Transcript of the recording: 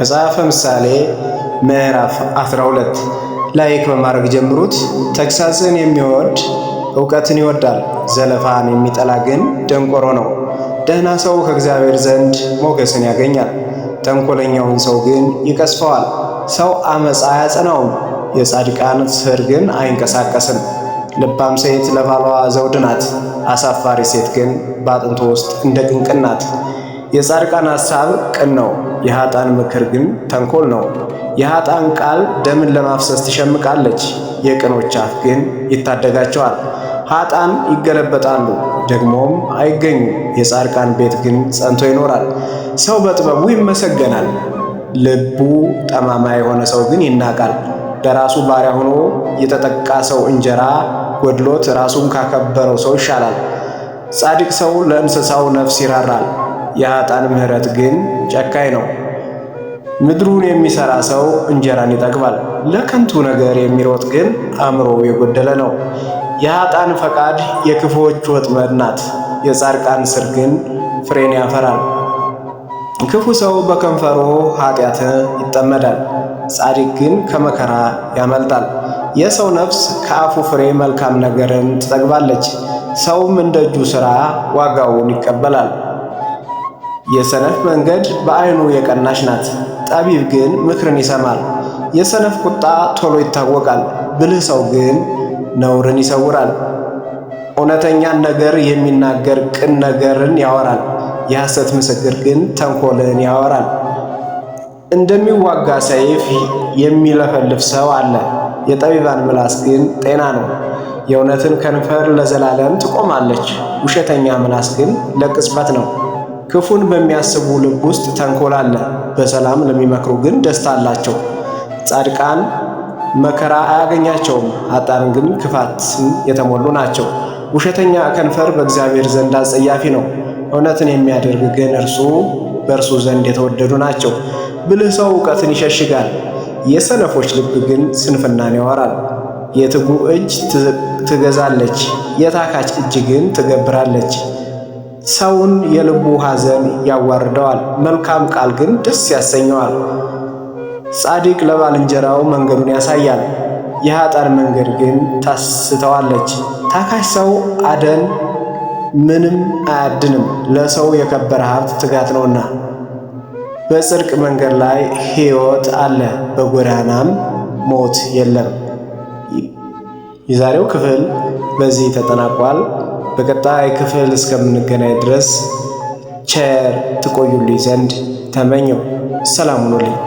መጽሐፈ ምሳሌ ምዕራፍ 12 ላይክ በማድረግ ጀምሩት። ተግሳጽን የሚወድ እውቀትን ይወዳል፣ ዘለፋን የሚጠላ ግን ደንቆሮ ነው። ደህና ሰው ከእግዚአብሔር ዘንድ ሞገስን ያገኛል፣ ተንኮለኛውን ሰው ግን ይቀስፈዋል። ሰው አመፃ አያጸናውም፣ የጻድቃን ስር ግን አይንቀሳቀስም። ልባም ሴት ለባሏ ዘውድ ናት፣ አሳፋሪ ሴት ግን በአጥንቱ ውስጥ እንደ ቅንቅን ናት። የጻድቃን ሐሳብ ቅን ነው፣ የኀጣን ምክር ግን ተንኮል ነው። የኀጣን ቃል ደምን ለማፍሰስ ትሸምቃለች፣ የቅኖች አፍ ግን ይታደጋቸዋል። ኀጣን ይገለበጣሉ፣ ደግሞም አይገኙም። የጻድቃን ቤት ግን ጸንቶ ይኖራል። ሰው በጥበቡ ይመሰገናል፣ ልቡ ጠማማ የሆነ ሰው ግን ይናቃል። ለራሱ ባሪያ ሆኖ የተጠቃ ሰው እንጀራ ጎድሎት ራሱን ካከበረው ሰው ይሻላል። ጻድቅ ሰው ለእንስሳው ነፍስ ይራራል። የአጣን ምሕረት ግን ጨካኝ ነው። ምድሩን የሚሰራ ሰው እንጀራን ይጠግባል፣ ለከንቱ ነገር የሚሮጥ ግን አእምሮ የጎደለ ነው። የአጣን ፈቃድ የክፉዎች ወጥመድ ናት፣ የጻድቃን ስር ግን ፍሬን ያፈራል። ክፉ ሰው በከንፈሮ ኃጢአት ይጠመዳል፣ ጻድቅ ግን ከመከራ ያመልጣል። የሰው ነፍስ ከአፉ ፍሬ መልካም ነገርን ትጠግባለች፣ ሰውም እንደ እጁ ሥራ ዋጋውን ይቀበላል። የሰነፍ መንገድ በአይኑ የቀናች ናት፣ ጠቢብ ግን ምክርን ይሰማል። የሰነፍ ቁጣ ቶሎ ይታወቃል፣ ብልህ ሰው ግን ነውርን ይሰውራል። እውነተኛን ነገር የሚናገር ቅን ነገርን ያወራል፣ የሐሰት ምስክር ግን ተንኮልን ያወራል። እንደሚዋጋ ሰይፍ የሚለፈልፍ ሰው አለ፣ የጠቢባን ምላስ ግን ጤና ነው። የእውነትን ከንፈር ለዘላለም ትቆማለች፣ ውሸተኛ ምላስ ግን ለቅጽበት ነው። ክፉን በሚያስቡ ልብ ውስጥ ተንኮል አለ፣ በሰላም ለሚመክሩ ግን ደስታ አላቸው። ጻድቃን መከራ አያገኛቸውም፣ ኃጥአን ግን ክፋትን የተሞሉ ናቸው። ውሸተኛ ከንፈር በእግዚአብሔር ዘንድ አጸያፊ ነው፣ እውነትን የሚያደርግ ግን እርሱ በእርሱ ዘንድ የተወደዱ ናቸው። ብልህ ሰው እውቀትን ይሸሽጋል፣ የሰነፎች ልብ ግን ስንፍናን ያወራል። የትጉ እጅ ትገዛለች፣ የታካች እጅ ግን ትገብራለች። ሰውን የልቡ ሐዘን ያዋርደዋል፣ መልካም ቃል ግን ደስ ያሰኘዋል። ጻድቅ ለባልንጀራው መንገዱን ያሳያል፣ የኀጣን መንገድ ግን ታስተዋለች። ታካሽ ሰው አደን ምንም አያድንም፣ ለሰው የከበረ ሀብት ትጋት ነውና። በጽድቅ መንገድ ላይ ሕይወት አለ፣ በጎዳናም ሞት የለም። የዛሬው ክፍል በዚህ ተጠናቋል። በቀጣይ ክፍል እስከምንገናኝ ድረስ ቸር ትቆዩልኝ ዘንድ ተመኘው። ሰላም ሁኑልኝ።